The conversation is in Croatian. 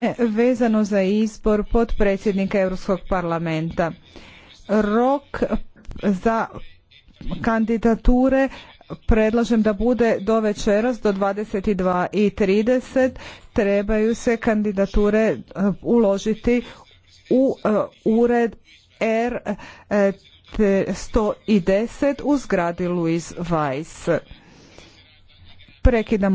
E, vezano za izbor potpredsjednika Europskog parlamenta. Rok za kandidature predlažem da bude do večeras do 22.30. Trebaju se kandidature e, uložiti u e, ured R 110 u zgradi Louis Weiss. Prekidam